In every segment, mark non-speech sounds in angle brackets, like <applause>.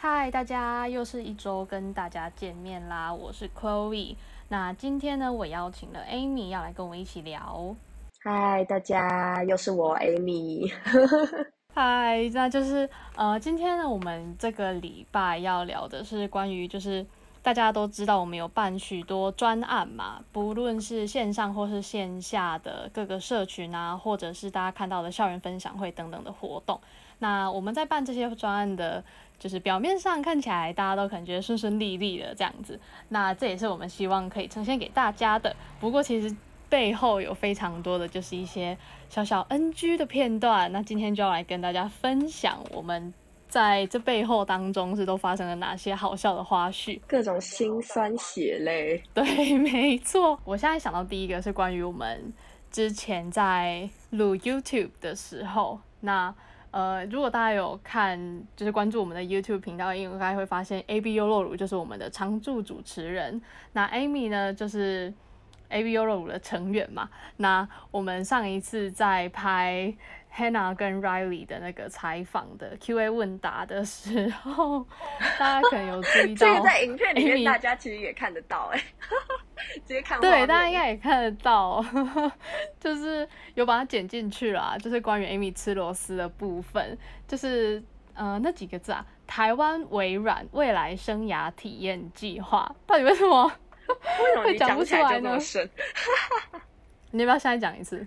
嗨，Hi, 大家又是一周跟大家見面啦，我是 Chloe。那今天呢，我邀請了 Amy 要來跟我一起聊。嗨，大家又是我 Amy。嗨， <laughs> 那就是呃，今天呢，我們這個禮拜要聊的是關於，就是大家都知道我們有辦許多專案嘛，不論是線上或是線下的各個社群啊，或者是大家看到的校園分享會等等的活動。那我們在辦這些專案的，就是表面上看起來大家都感覺順順利利的這樣子。那這也是我們希望可以呈現給大家的。不過其實背後有非常多的就是一些小小 NG 的片段。那今天就要來跟大家分享，我們在這背後當中是都發生了哪些好笑的花絮，各種辛酸血淚。對，沒錯。我現在想到第一個是關於我們之前在錄 YouTube 的時候，那。呃，如果大家有看，就是關注我們的 YouTube 頻道，應該會發現 ABU 露乳，就是我們的常駐主持人。那 Amy 呢，就是 ABU 露乳的成員嘛。那我們上一次在拍。Hannah 跟 Riley 的那個採訪的 Q&A 問答的時候，大家可能有注意到， <laughs> 在影片裡面大家其實也看得到哎、欸， <laughs> 直接看對大家應該也看得到、喔， <laughs> 就是有把它剪進去了、啊，就是關於 Amy 吃螺絲的部分，就是呃那幾個字啊，台灣微軟未來生涯體驗計劃到底為什麼會講不出來呢？你，來 <laughs> 你要不要現在講一次？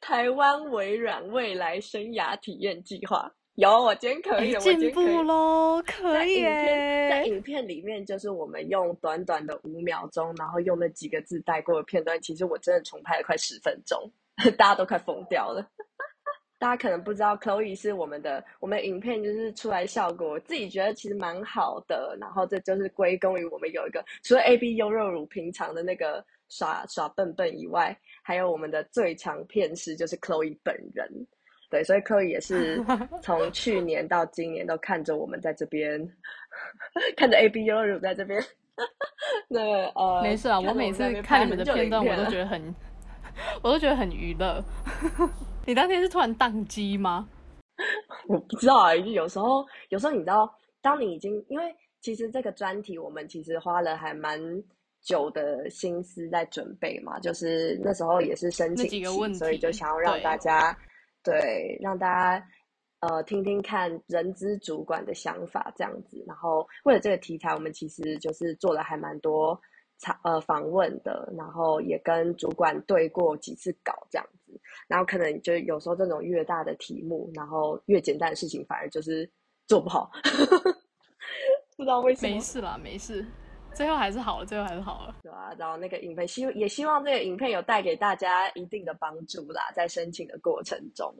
台灣微軟未來生涯體驗計劃。有，我今天可以進步嘍！可以在，在影片裡面就是我們用短短的五秒鐘，然後用那幾個字帶過的片段，其實我真的重拍了快十分鐘，大家都快瘋掉了。 <laughs> 大家可能不知道，Chloe 是我們的，我們影片就是出來效果，自己覺得其實蠻好的。然後這就是歸功於我們有一個除了 AB 優肉乳平常的那個。耍耍笨笨以外，還有我們的最強片師，就是 Chloe 本人，對，所以 Chloe 也是從去年到今年都看着我們在這邊， <laughs> 看着 A B U 在這邊。那呃，沒事啊，我，我每次看你們的片段，我都覺得很， <laughs> 我都覺得很娛樂。 <laughs> 你當天是突然宕機嗎？我不知道啊、欸，有時候，有時候你知道，當你已經因為其實這個專題，我們其實花了還蠻。久的心思在準備嘛，就是那時候也是申請期，所以就想要讓大家對,對讓大家呃聽聽看人資主管的想法這樣子。然後為了這個題材，我們其實就是做了還蠻多呃訪問的，然後也跟主管對過幾次稿這樣子。然後可能就有時候這種越大的題目，然後越簡單的事情反而就是做不好， <laughs> 不知道為什麼。沒事啦，沒事。最後還是好了，最後還是好了。對啊，然後那個影片希也希望這個影片有帶給大家一定的幫助啦，在申請的過程中。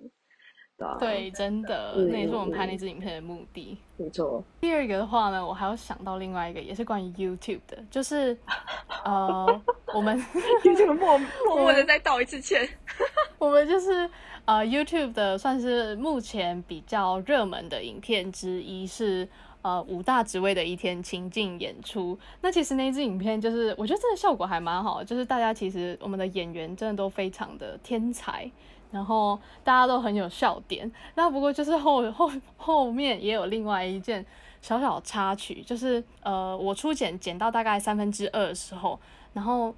對啊，對真的，真的嗯、那也是我們拍那支影片的目的。嗯、沒錯錯。第二個的話呢，我還要想到另外一個，也是關於 YouTube 的，就是 <laughs> 呃， <laughs> 我們 YouTube 默默的，再道一次歉。 <laughs> 我們就是呃 YouTube 的，算是目前比較熱門的影片之一是。呃，五大職位的一天情境演出，那其實那一支影片就是，我覺得真的效果還蠻好的，就是大家其實我們的演員真的都非常的天才，然後大家都很有笑點。那不過就是後後後面也有另外一件小小插曲，就是呃，我初剪剪到大概三分之二的時候，然後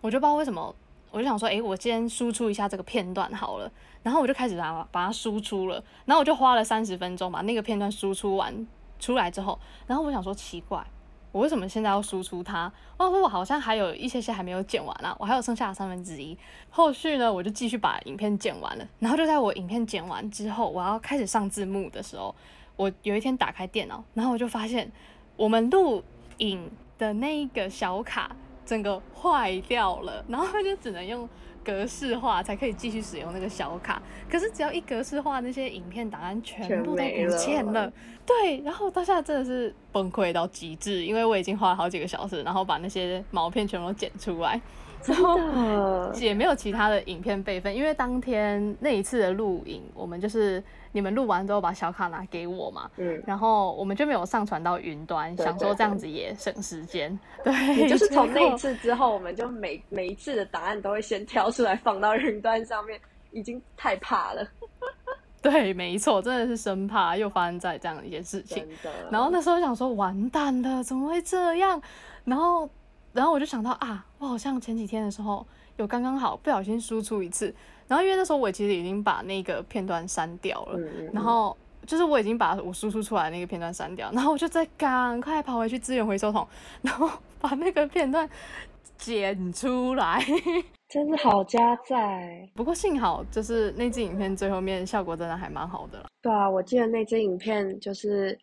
我就不知道為什麼，我就想說，誒、欸，我先輸出一下這個片段好了，然後我就開始把它把它輸出了，然後我就花了三十分鐘把那個片段輸出完。出來之後，然後我想說奇怪，我為什麼現在要輸出它？我我說我好像還有一些些還沒有剪完啊，我還有剩下的三分之一。後續呢，我就繼續把影片剪完了。然後就在我影片剪完之後，我要開始上字幕的時候，我有一天打開電腦，然後我就發現我們錄影的那一個小卡整個壞掉了，然後就只能用。格式化，才可以繼續使用那個小卡，可是只要一格式化，那些影片檔案全部都不見了。了對，然後當下真的是崩潰到極致，因為我已經花了好幾個小時，然後把那些毛片全部都剪出來。之後也沒有其他的影片備份，因為當天那一次的錄影，我們就是你們錄完之後把小卡拿給我嘛，嗯，然後我們就沒有上傳到雲端，對對對對。想說這樣子也省時間。對，就是從那一次之後，我們就每 <laughs> 每一次的答案都會先挑出來放到雲端上面，已經太怕了。 <laughs> 對，沒錯，真的是生怕又發生在這樣一件事情。真的。然後那時候想說，完蛋了，怎麼會這樣？然後。然後我就想到啊，哇，我好像前幾天的時候有剛剛好不小心輸出一次，然後因為那時候我其實已經把那個片段刪掉了，嗯嗯、然後就是我已經把我輸出出來那個片段刪掉，然後我就再趕快跑回去資源回收桶，然後把那個片段剪出來，真是好佳哉。 <laughs> 不過幸好就是那支影片最後面效果真的還蠻好的啦。對啊，我記得那支影片就是。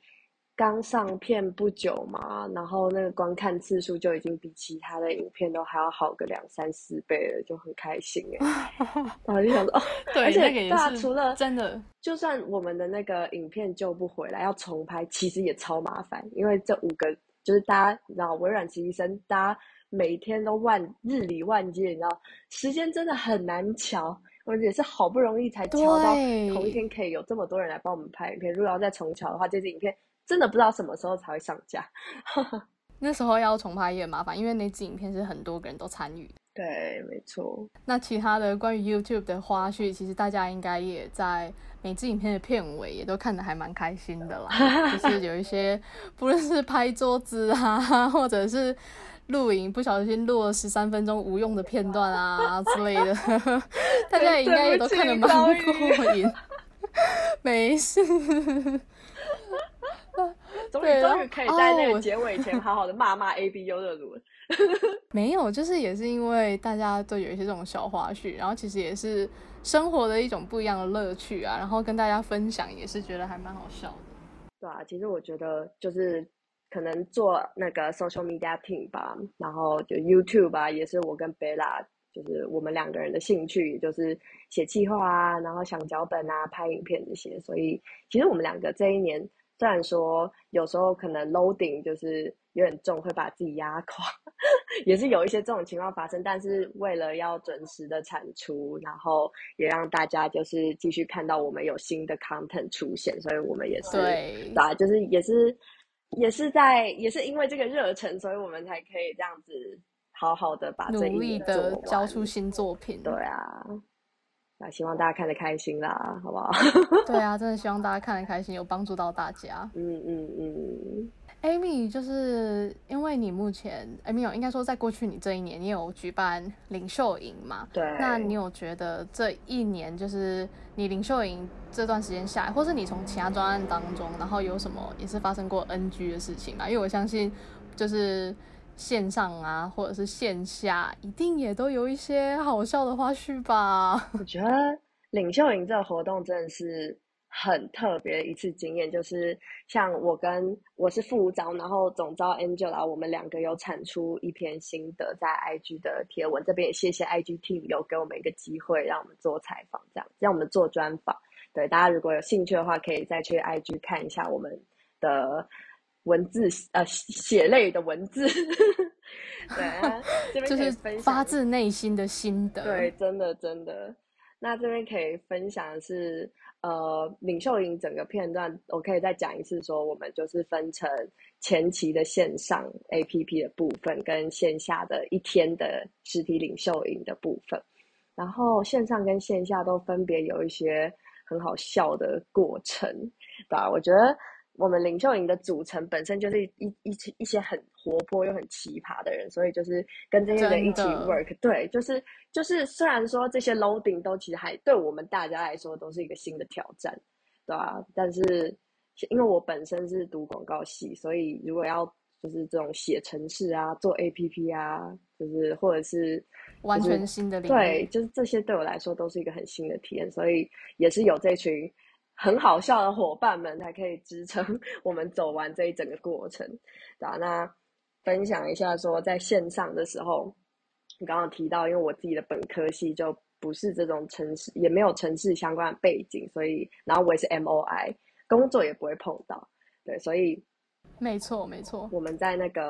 剛上片不久嘛，然後那個觀看次數就已經比其他的影片都還要好個兩三四倍了，就很開心哎、欸。然後 <laughs> 就想說， <laughs> 對，而且大家除了真的，就算我們的那個影片救不回來，要重拍，其實也超麻煩，因為這五個就是大家，你知道，微軟實習生，大家每天都萬日理萬機，你知道，時間真的很難喬，我也是好不容易才喬到同一天可以有這麼多人來幫我們拍影片，對如果要再重喬的話，這支影片。真的不知道什麼時候才會上架。 <laughs> 那時候要重拍也很麻煩，因為那支影片是很多個人都參與。對，沒錯。那其他的關於 YouTube 的花絮，其實大家應該也在每支影片的片尾也都看得還蠻開心的啦。對就是有一些不論是拍桌子啊，或者是錄影不小心錄了十三分鐘無用的片段啊吧之類的， <laughs> 大家也應該也都看得蠻過癮。沒事。終於可以在那個結尾前好好的罵罵 ABU 的路了。哦、 <laughs> <laughs> 沒有，就是也是因為大家都有一些這種小花絮，然後其實也是生活的一種不一樣的樂趣啊。然後跟大家分享也是覺得還蠻好笑的。對啊，其實我覺得就是可能做那個 social media team 吧，然後就 YouTube 吧、啊，也是我跟貝拉就是我們兩個人的興趣，就是寫計劃啊，然後想腳本啊，拍影片這些。所以其實我們兩個這一年。雖然說有時候可能 loading 就是有點重，會把自己壓垮，也是有一些這種情況發生。但是為了要準時的產出，然後也讓大家就是繼續看到我們有新的 content 出現，所以我們也是啊對，就是也是也是在也是因為這個熱忱，所以我們才可以這樣子好好的把這一的努力的交出新作品。對啊。那、啊、希望大家看得開心啦，好不好？ <laughs> 對啊，真的希望大家看得開心，有幫助到大家。嗯嗯嗯。嗯嗯 Amy 就是因為你目前，Amy、欸、有應該說在過去你這一年，你有舉辦領袖營嘛？對。那你有覺得這一年就是你領袖營這段時間下來，或是你從其他專案當中，然後有什麼也是發生過 NG 的事情嘛？因為我相信就是。線上啊，或者是線下，一定也都有一些好笑的花絮吧？我覺得領袖營這個活動真的是很特別的一次經驗，就是像我跟我是副招，然後總招 Angela，我們兩個有產出一篇心得在 IG 的貼文這邊，也謝謝 IG Team 有給我們一個機會，讓我們做採訪這樣，讓我們做專訪。對，大家如果有興趣的話，可以再去 IG 看一下我們的文字，呃，血淚的文字， <laughs> 對啊， <laughs> 就是發自內心的心得，對，真的真的。那這邊可以分享的是，呃，領袖營整個片段，我可以再講一次說，說我們就是分成前期的線上 A P P 的部分，跟線下的一天的實體領袖營的部分，然後線上跟線下都分別有一些很好笑的過程，對吧、啊？我覺得。我們領袖營的組成本身就是一一起一些很活潑又很奇葩的人，所以就是跟這些人一起 work，真的。對，就是就是雖然說這些 loading 都其實還對我們大家來說都是一個新的挑戰，對啊。但是因為我本身是讀廣告系，所以如果要就是這種寫程式啊，做 APP 啊，就是或者是，就是，完全新的領域，對，就是這些對我來說都是一個很新的體驗，所以也是有這群。很好笑的夥伴們才可以支撐我們走完這一整個過程。好啊，那分享一下說在線上的時候，你剛剛提到，因為我自己的本科系就不是這種程式，也沒有程式相關的背景，所以，然後我也是 MOI，工作也不會碰到。對，所以沒錯沒錯，我們在那個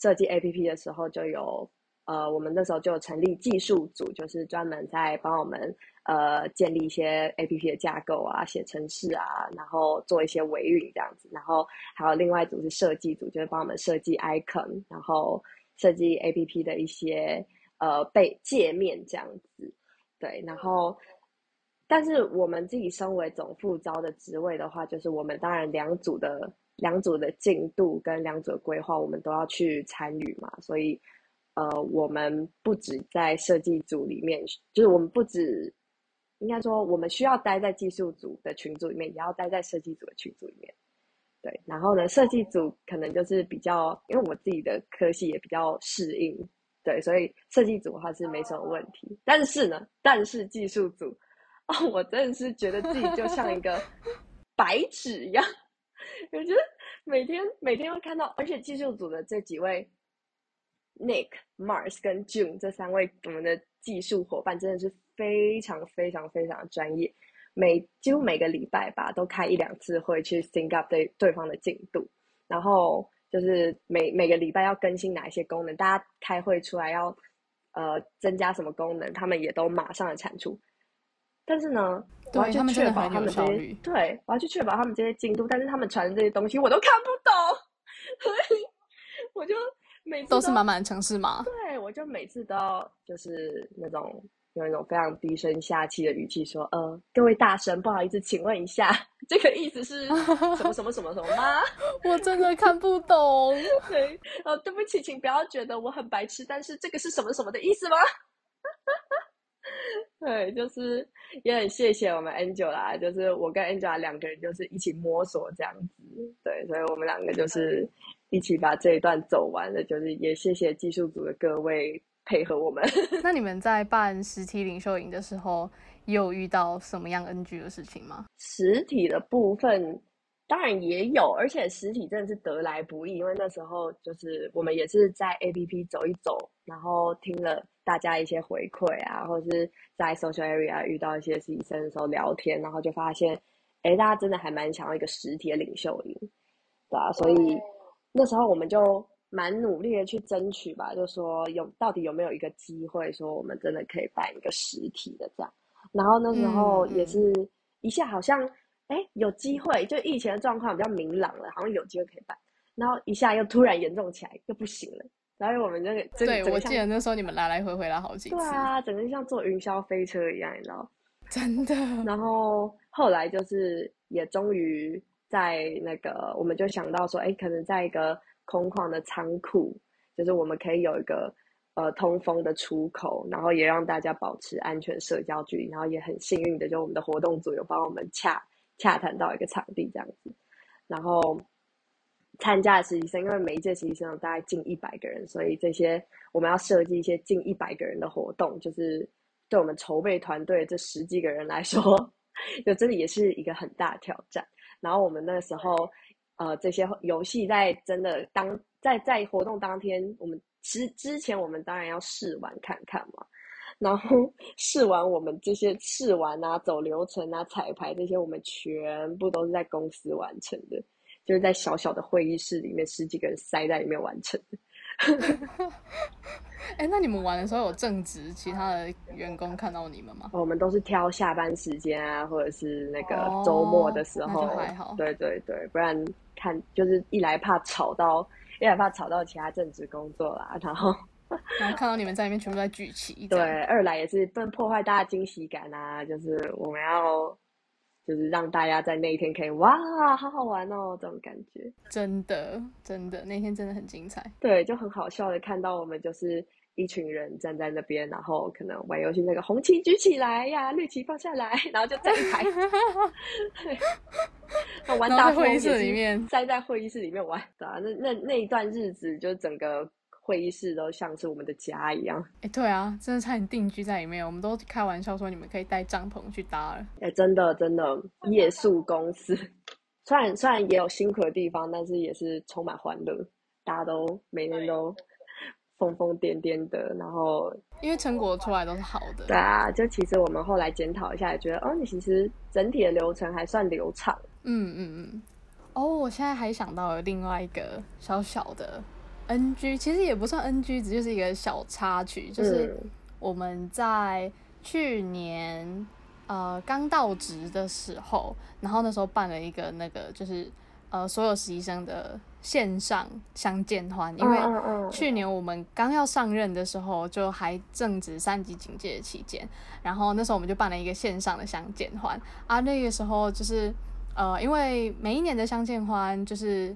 設計 APP 的時候就有，呃，我們那時候就成立技術組，就是專門在幫我們。呃，建立一些 A P P 的架構啊，寫程式啊，然後做一些維運這樣子，然後還有另外一組是設計組，就是幫我們設計 icon，然後設計 A P P 的一些呃背界面這樣子。對，然後，但是我們自己身為總副召的職位的話，就是我們當然兩組的兩組的進度跟兩組的規劃，我們都要去參與嘛，所以呃，我們不止在設計組裡面，就是我們不止。應該說，我們需要待在技術組的群組裡面，也要待在設計組的群組裡面。對，然後呢，設計組可能就是比較，因為我自己的科系也比較適應，對，所以設計組的話是沒什麼問題。Oh. 但是呢，但是技術組，哦，我真的是覺得自己就像一個白紙一樣，我覺得每天每天會看到，而且技術組的這幾位，Nick、Mars 跟 June 這三位我們的技術夥伴，真的是。非常非常非常專業，每，幾乎每個禮拜吧，都開一兩次會去 sync up 對對方的進度，然後就是每每個禮拜要更新哪一些功能，大家開會出來要，呃，增加什麼功能，他們也都馬上的產出。但是呢，我要去確保他們這些，對，他們的對，我要去確保他們這些進度，但是他們傳的這些東西我都看不懂，所以我就每次都是滿滿的嘗試嘛。對，我就每次都要就，就是那種。用一種非常低聲下氣的語氣說：“呃，各位大神，不好意思，請問一下，這個意思是什麼什麼什麼什麼嗎？ <laughs> 我真的看不懂。 <laughs> 對，呃，對不起，請不要覺得我很白痴，但是這個是什麼什麼的意思嗎？ <laughs> 對，就是也很謝謝我們 Angela，就是我跟 Angela 兩個人就是一起摸索這樣子，對，所以我們兩個就是一起把這一段走完了，嗯、就是也謝謝技術組的各位。”配合我們 <laughs> 。那你們在辦實體領袖營的時候，有遇到什麼樣 NG 的事情嗎？實體的部分當然也有，而且實體真的是得來不易，因為那時候就是我們也是在 APP 走一走，然後聽了大家一些回饋啊，或是在 social area 遇到一些實習生的時候聊天，然後就發現，哎、欸，大家真的還蠻想要一個實體的領袖營，對吧、啊？所以那時候我們就。蠻努力的去爭取吧，就說有到底有沒有一個機會，說我們真的可以辦一個實體的這樣。然後那時候也是一下好像哎、嗯嗯欸，有機會，就疫情的狀況比較明朗了，好像有機會可以辦。然後一下又突然嚴重起來，又不行了。然後我們就對，我記得那時候你們來來回回了好幾次。對啊，整個像坐雲霄飛車一樣，你知道真的。然後後來就是也終於在那個，我們就想到說，哎、欸，可能在一個。空曠的倉庫，就是我們可以有一個呃通風的出口，然後也讓大家保持安全社交距離，然後也很幸運的，就我們的活動組有幫我們洽洽談到一個場地這樣子，然後參加實習生，因為每一屆實習生大概近一百個人，所以這些我們要設計一些近一百個人的活動，就是對我們籌備團隊這十幾個人來說，就真的也是一個很大的挑戰。然後我們那時候。呃，這些遊戲在真的當在在活動當天，我們其實之前我們當然要試玩看看嘛，然後試玩我們這些試玩啊、走流程啊、彩排這些，我們全部都是在公司完成的，就是在小小的會議室裡面，十幾個人塞在裡面完成的。哎、 <laughs> 欸，那你們玩的時候有正職其他的員工看到你們嗎？我們都是挑下班時間啊，或者是那個周末的時候，哦、對對對，不然看就是一來怕吵到，一來怕吵到其他正職工作啦，然後然後看到你們在裡面全部在聚齊，對，二來也是不破壞大家驚喜感啊，就是我們要。就是讓大家在那一天可以哇，好好玩哦，這種感覺，真的真的，那天真的很精彩。對，就很好笑的，看到我們就是一群人站在那邊，然後可能玩遊戲，那個紅旗舉起來呀、啊，綠旗放下來，然後就站台。哈哈哈玩大，在會議室裡面，在在會議室裡面玩的、啊，那那那一段日子就整個。會議室都像是我們的家一樣，哎，對啊，真的差點定居在裡面。我們都開玩笑說你們可以帶帳篷去搭了，哎，真的真的，夜宿公司，雖然雖然也有辛苦的地方，但是也是充滿歡樂，大家都每天都對瘋瘋癲癲的。然後，因為成果出來都是好的，對啊，就其實我們後來檢討一下也覺得，哦，你其實整體的流程還算流暢。嗯嗯嗯，哦，我現在還想到了另外一個小小的。NG 其實也不算 NG，只就是一個小插曲，就是我們在去年呃剛到職的時候，然後那時候辦了一個那個就是呃所有實習生的線上相見歡，因為去年我們剛要上任的時候就還正值三級警戒的期間，然後那時候我們就辦了一個線上的相見歡，啊那個時候就是呃因為每一年的相見歡就是。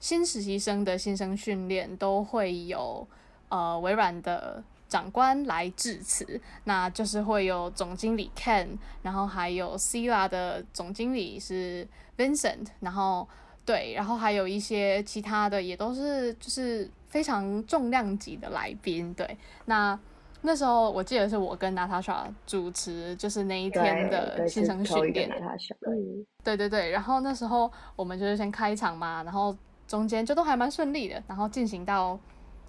新實習生的新生訓練都會有呃微軟的長官來致辭，那就是會有總經理 Ken，然後還有 Cila 的總經理是 Vincent，然後對，然後還有一些其他的也都是就是非常重量級的來賓。對，那那時候我記得是我跟 Natasha 主持，就是那一天的新生訓練。對對,對對對，然後那時候我們就是先開場嘛，然後。中間就都還蠻順利的，然後進行到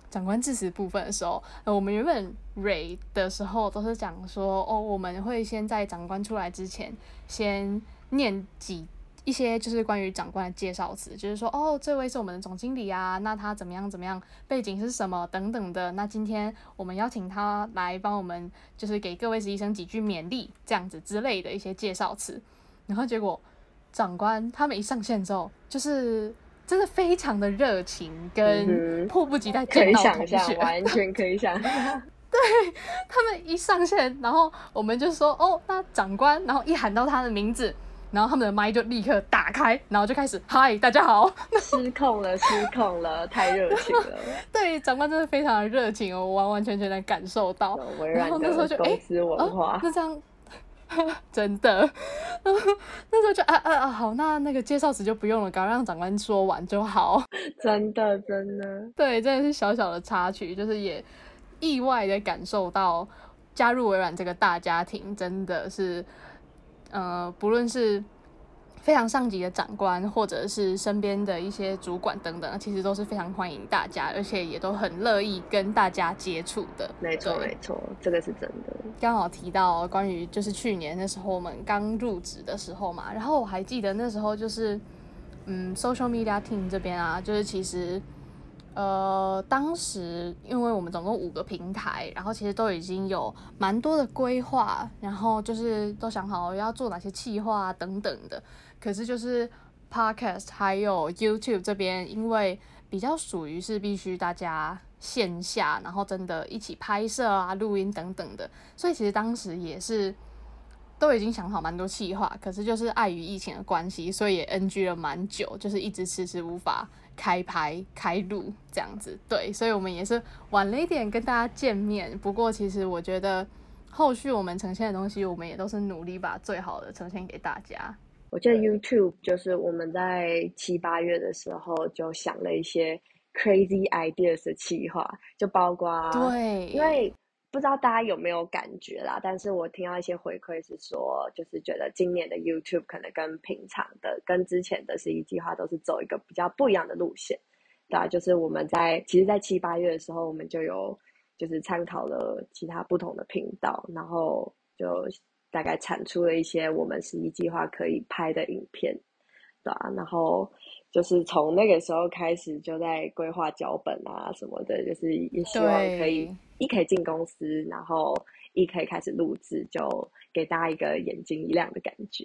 長官致辭部分的時候，呃，我們原本蕊的時候都是講說，哦，我們會先在長官出來之前，先念幾一些就是關於長官的介紹詞，就是說，哦，這位是我們的總經理啊，那他怎麼樣怎麼樣，背景是什麼等等的。那今天我們邀請他來幫我們，就是給各位實習生幾句勉勵這樣子之類的一些介紹詞。然後結果長官他們一上線之後，就是。真的非常的熱情，跟迫不及待見到同學、嗯、可以想一下，完全可以想。 <laughs> 對，他們一上線，然後我們就說：“哦，那長官。”然後一喊到他的名字，然後他們的麥就立刻打開，然後就開始：“嗨，大家好。 <laughs> ”失控了，失控了，太熱情了。 <laughs> 對，長官真的非常的熱情，我完完全全能感受到。然後那時候就，哎、欸，公司文化，那這樣。 <laughs> 真的， <laughs> 那時候就啊啊啊，好，那那個介紹詞就不用了，趕快讓長官說完就好。 <laughs> 真的，真的，對，真的是小小的插曲，就是也意外的感受到加入微軟這個大家庭，真的是，呃，不論是。非常上級的長官，或者是身邊的一些主管等等，其實都是非常歡迎大家，而且也都很樂意跟大家接觸的。沒錯，對，沒錯，這個是真的。剛好提到關於就是去年那時候我們剛入職的時候嘛，然後我還記得那時候就是，嗯，Social Media Team 這邊啊，就是其實。呃，當時因為我們總共五個平台，然後其實都已經有蠻多的規劃，然後就是都想好要做哪些企劃等等的。可是就是 Podcast 還有 YouTube 這邊，因為比較屬於是必須大家線下，然後真的一起拍攝啊、錄音等等的，所以其實當時也是。都已經想好蠻多企劃，可是就是礙於疫情的關係，所以也 NG 了蠻久，就是一直遲遲無法開拍、開錄這樣子。對，所以我們也是晚了一點跟大家見面。不過其實我覺得後續我們呈現的東西，我們也都是努力把最好的呈現給大家。我覺得 YouTube 就是我們在七八月的時候就想了一些 crazy ideas 的企劃，就包括對，因為。不知道大家有沒有感覺啦？但是我聽到一些回饋是說，就是覺得今年的 YouTube 可能跟平常的、跟之前的十一計劃都是走一個比較不一樣的路線。對啊，就是我們在其實，在七八月的時候，我們就有就是參考了其他不同的頻道，然後就大概產出了一些我們十一計劃可以拍的影片。對啊，然後就是從那個時候開始，就在規劃腳本啊什麼的，就是也希望可以。一可以進公司，然後一可以開始錄製，就給大家一個眼睛一亮的感覺。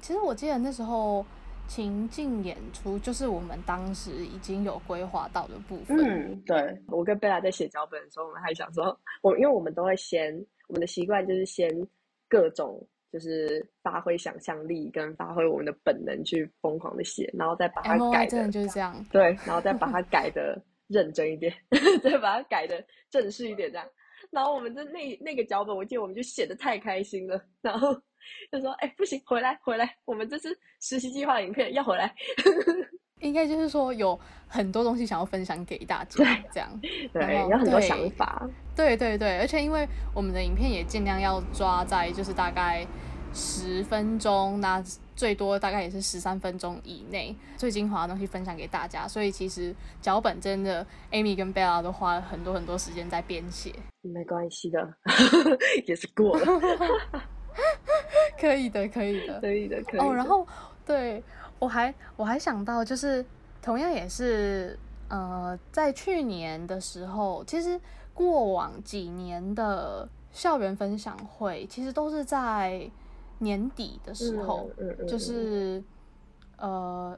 其實我記得那時候情境演出就是我們當時已經有規劃到的部分。嗯，對，我跟貝拉在寫腳本的時候，我們還想說，我因為我們都會先，我們的習慣就是先各種就是發揮想象力跟發揮我們的本能去瘋狂的寫，然後再把它改的，真的就是這樣。對，然後再把它改的。認真一點，再 <laughs> 把它改得正式一點，這樣。然後我們的那那個腳本，我記得我們就寫得太開心了，然後就說：“哎、欸，不行，回來回來，我們這是實習計劃影片，要回來。 <laughs> ”應該就是說有很多東西想要分享給大家，對這樣。對，有後很多想法。對對對，而且因為我們的影片也盡量要抓在就是大概十分鐘那。最多大概也是十三分鐘以內，最精華的東西分享給大家。所以其實腳本真的，Amy 跟 Bella 都花了很多很多時間在編寫。沒關係的，也是過了， <laughs> 可以的，可以的，可以的，可以。哦，然後對，我還我還想到，就是同樣也是，呃，在去年的時候，其實過往幾年的校園分享會，其實都是在。年底的時候，就是呃，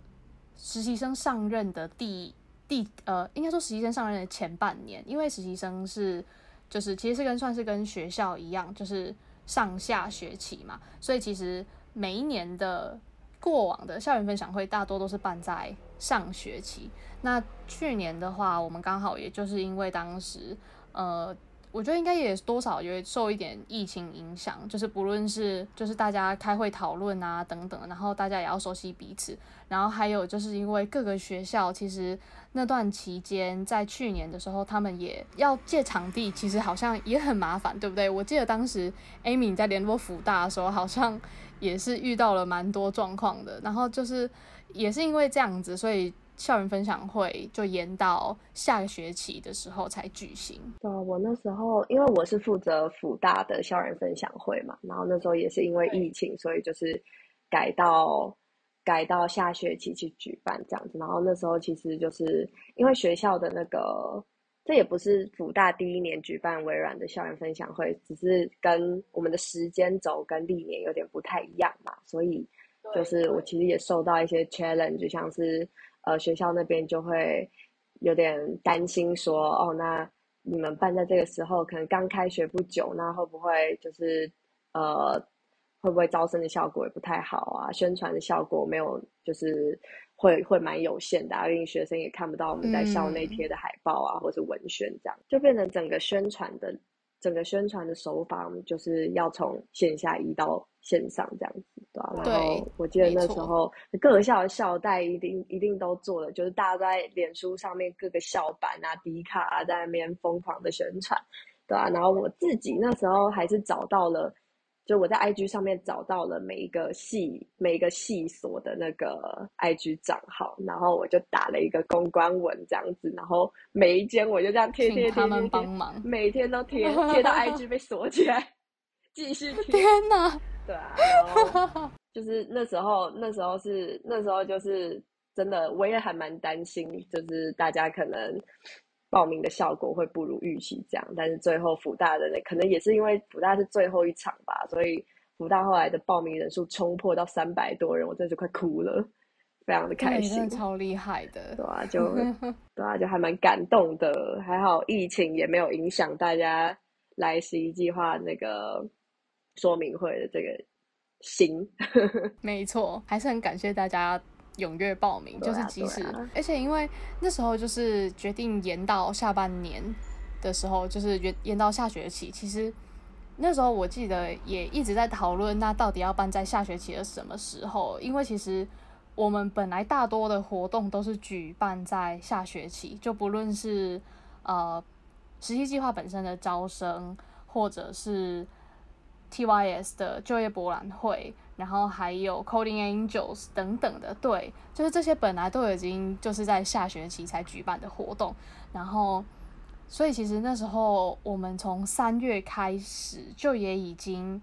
實習生上任的第第呃，應該說實習生上任的前半年，因為實習生是就是其實是跟算是跟學校一樣，就是上下學期嘛，所以其實每一年的過往的校園分享會大多都是辦在上學期。那去年的話，我們剛好也就是因為當時呃。我覺得應該也多少也會受一點疫情影響，就是不論是就是大家開會討論啊等等，然後大家也要熟悉彼此，然後還有就是因為各個學校其實那段期間在去年的時候，他們也要借場地，其實好像也很麻煩，對不對？我記得當時 Amy 在聯絡輔大的時候，好像也是遇到了蠻多狀況的，然後就是也是因為這樣子，所以。校園分享會就延到下學期的時候才舉行。對，我那時候因為我是負責輔大的校園分享會嘛，然後那時候也是因為疫情，對所以就是改到改到下學期去舉辦這樣子。然後那時候其實就是因為學校的那個，這也不是輔大第一年舉辦微軟的校園分享會，只是跟我們的時間軸跟歷年有點不太一樣嘛，所以就是我其實也受到一些 challenge，就對像是。呃，學校那邊就會有點擔心說，說哦，那你們辦在這個時候，可能剛開學不久，那會不會就是呃，會不會招生的效果也不太好啊？宣傳的效果沒有，就是會會蠻有限的啊，因為學生也看不到我們在校內貼的海報啊，嗯，或者文宣這樣，就變成整個宣傳的。整個宣傳的手法，就是要從線下移到線上這樣子，對吧？啊？對，然後我記得那時候沒錯，各校的校代一定一定都做了，就是大家都在臉書上面各個校版啊、迪卡啊，在那邊瘋狂的宣傳，對吧？啊？然後我自己那時候還是找到了。就我在 IG 上面找到了每一個系、每一個系所的那個 IG 賬號，然後我就打了一個公關文這樣子，然後每一間我就這樣貼貼貼，請他們幫忙，貼，每天都貼貼到 IG 被鎖起來，繼續貼。天哪！對啊，然後就是那時候，那時候是那時候就是真的，我也還蠻擔心，就是大家可能，報名的效果會不如預期，這樣，但是最後福大的可能也是因為福大是最後一場吧，所以福大後來的報名人數衝破到三百多人，我真的是快哭了，非常的開心，真的超厲害的，對啊，就對啊，就還蠻感動的， <laughs> 還好疫情也沒有影響大家來實習計劃那個說明會的這個心， <laughs> 沒錯，還是很感謝大家。踴躍報名，就是即使，啊啊、而且因為那時候就是決定延到下半年的時候，就是延延到下學期。其實那時候我記得也一直在討論，那到底要辦在下學期的什麼時候？因為其實我們本來大多的活動都是舉辦在下學期，就不論是呃實習計劃本身的招生，或者是。TYS 的就業博覽會，然後還有 Coding Angels 等等的，對，就是這些本來都已經就是在下學期才舉辦的活動，然後，所以其實那時候我們從三月開始就也已經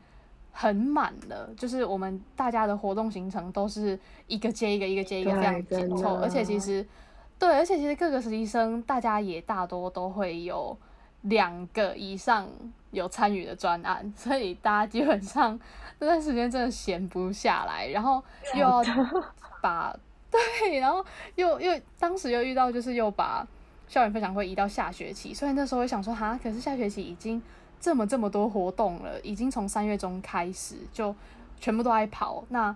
很滿了，就是我們大家的活動行程都是一個接一個、一個接一個這樣子湊，的而且其實，對，而且其實各個實習生大家也大多都會有。兩個以上有參與的專案，所以大家基本上那段時間真的閒不下來，然後又要把，對，然後又又當時又遇到就是又把校園分享會移到下學期，所以那時候我想說哈、啊，可是下學期已經這麼這麼多活動了，已經從三月中開始就全部都在跑，那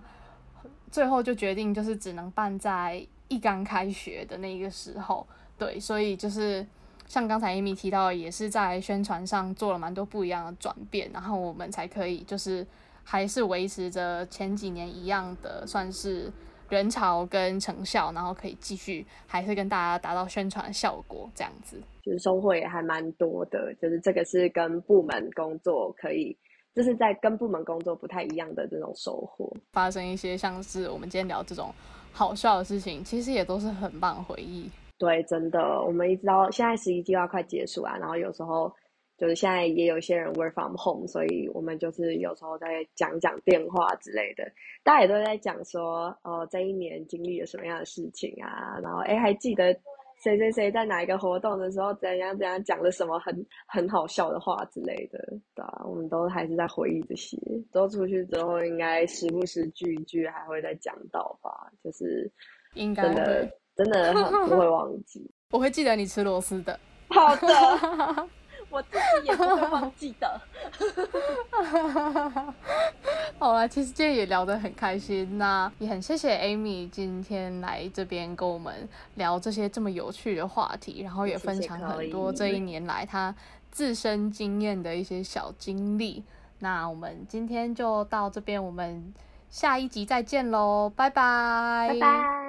最後就決定就是只能辦在一剛開學的那一個時候，對，所以就是。像剛才 Amy 提到，也是在宣傳上做了蠻多不一樣的轉變，然後我們才可以就是還是維持着前幾年一樣的算是人潮跟成效，然後可以繼續還是跟大家達到宣傳效果這樣子，就是收穫也還蠻多的，就是這個是跟部門工作可以，就是在跟部門工作不太一樣的這種收穫，發生一些像是我們今天聊這種好笑的事情，其實也都是很棒的回憶。對，真的，我們一直到現在十一季要快結束啊，然後有時候就是現在也有一些人 work from home，所以我們就是有時候在講講電話之類的。大家也都在講說，哦、呃，這一年經歷了什麼樣的事情啊？然後哎，還記得誰誰誰在哪一個活動的時候怎樣怎樣講了什麼很很好笑的話之類的，對啊，我們都還是在回憶這些。都出去之後，應該時不時聚一聚，還會再講到吧？就是真應該的。真的很不會忘記， <laughs> 我會記得你吃螺絲的。好的，我自己也不會忘記的。 <laughs> <laughs> 好了，其實今天也聊得很開心，那也很謝謝 Amy 今天來這邊跟我們聊這些這麼有趣的話題，然後也分享很多這一年來她自身經驗的一些小經歷。謝謝。那我們今天就到這邊，我們下一集再見嘍，拜拜，拜拜。